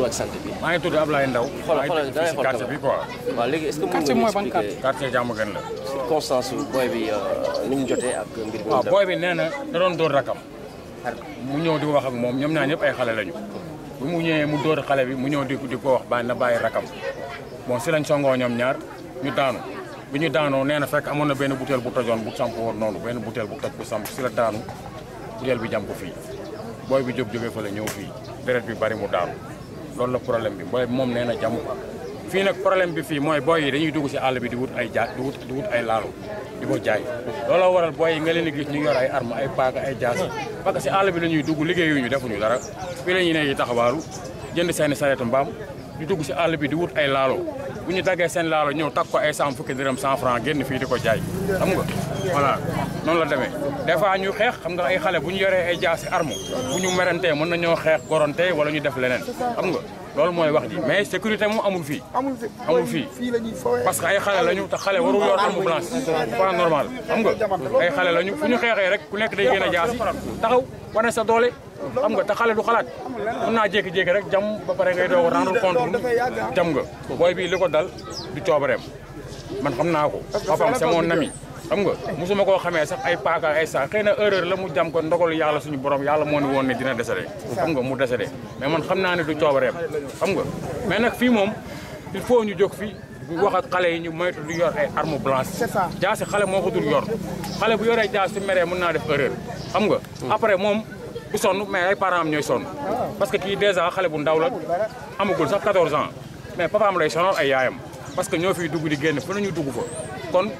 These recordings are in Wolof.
tur ak sant maa tudd Ablaye Ndaw. xoolal xoolal da ngay xool quartier bi quoi. waaw léegi est ce que mën nga expliquer quartier jàmm gën la. booy bi euh, ni mu jotee ak dóor rakam. mu ñëw di wax ak moom ñoom ñaar ñëpp ay xale lañu. bu mu ñëwee mu dóor xale bi mu ñëw di di ko wax na bàyyi rakam bon si lañ songoo ñoom ñaar ñu daanu. bi ñu daanoo nee na fekk amoon na benn butéel bu tojoon bu samp woon noonu benn butéel bu toj bu samp si la daanu butéel bi jam fi fii booy bi jóg jógee fa la ñëw fii deret bi bari mu daanu loolu la problème bi booy moom nee na jàmm fii nag problème bi fi mooy booy yi dañuy dugg si àll bi di wut ay jaa di wut di wut ay laalu di ko jaay looloo waral booy yi nga leen di gis ñu yor ay arme ay paaka ay jaasi parce que si àll bi la ñuy dugg ñu defuñu dara fii la ñuy ne yi taxawaalu jënd seeni sareetu mbaam di dugg si àll bi di wut ay laalo bu ñu daggee seen laalo ñëw takk ko ay cent fukki dërëm franc génn fii di ko jaay xam nga voilà noonu la demee des fois ñu xeex xam nga ay xale bu ñu yoree ay jaasi armo bu ñu merantee mën na nañoo xeex goronte wala ñu def leneen xam nga loolu mooy wax ji mais sécurité moom amul fi amul fii parce que ay xale lañu ta xale warul yor arme blanche pas normal xam nga ay xale lañu fu ñu xeexee rek ku nekk day gën a jaasi taxaw wane sa doole xam nga te xale du xalaat mën naa jékki-jékki rek jam ba pare ngay doog rendre compte jam nga booy bii li dal du coobareem man xam naa ko xafam c'est mon ami xam nga mosuma koo xamee sax ay paaka ay sa xëy na erreur la mu jam ko ndogalu yàlla suñu borom yàlla moo ni woon ne dina décédé xam nga mu décédé mais man xam naa ne du coobareem xam nga mais nag fii moom il faut ñu jóg fii ñu wax ak xale yi ñu moytu du yor ay arme blanche jaasi xale moo ko dul yor xale bu yoree jaas su meree mën naa def erreur xam nga après moom du sonn mais ay parents am ñooy sonn ah. parce que kii déjà xale bu ndaw la amagul sax 14 ans mais papaam lay sonal ay yaayam parce que ñoo fiy dugg di génn fu nañu dugg fa kon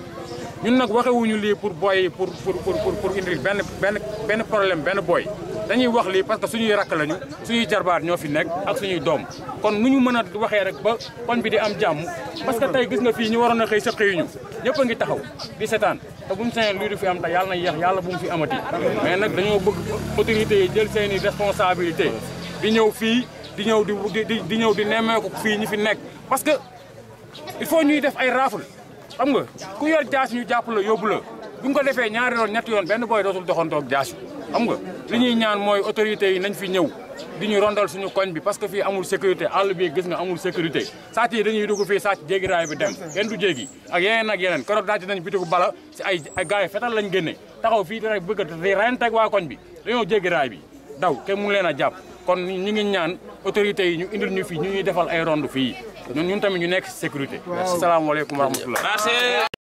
ñun nag waxewuñu lii pour booy pour pour pour pour indil benn benn benn problème benn booy dañuy wax lii parce que suñuy rakk lañu suñuy jarbaat ñoo fi nekk ak suñuy doom kon nu ñu mën a waxee rek ba koñ bi di am jàmm parce que tey gis nga fii ñu waroon a xëy sa xëyuñu ñëpp a ngi taxaw di setaan te buñu sañoon lii du fi am te yàlla na yéex yàlla bu mu fi amati mais nag dañoo bëgg autorités yi jël seeni responsabilité di ñëw fii di ñëw di di di ñëw di nemmeeku fii ñi fi nekk il faut ñuy def ay raaful xam nga ku yor jaas ñu jàpp la yóbbu la bu ñu ko defee ñaari yoon ñetti yoon benn booy dootul doxantoog jaas xam nga li ñuy ñaan mooy autorités yi nañ fi ñëw di ñu rondal suñu koñ bi parce que fii amul sécurité àll bi gis nga amul sécurité sàcc yi dañuy dugg fii sàcc jéggi raay bi dem kenn du jegi ak yeneen ak yeneen keroog daaj nañ bitigu bala si ay ay gars yi fetal lañ génne taxaw fii rek bëgg di renteeg waa koñ bi dañoo jéggi bi daw kenn mu leen a jàpp kon ñu ngi ñaan autorités yi ñu indil ñu fii ñu ñuy defal ay rond fii ñun ñun tamit ñu nekk ci sécurité. waaw salaamaaleykum wa rahmatulah.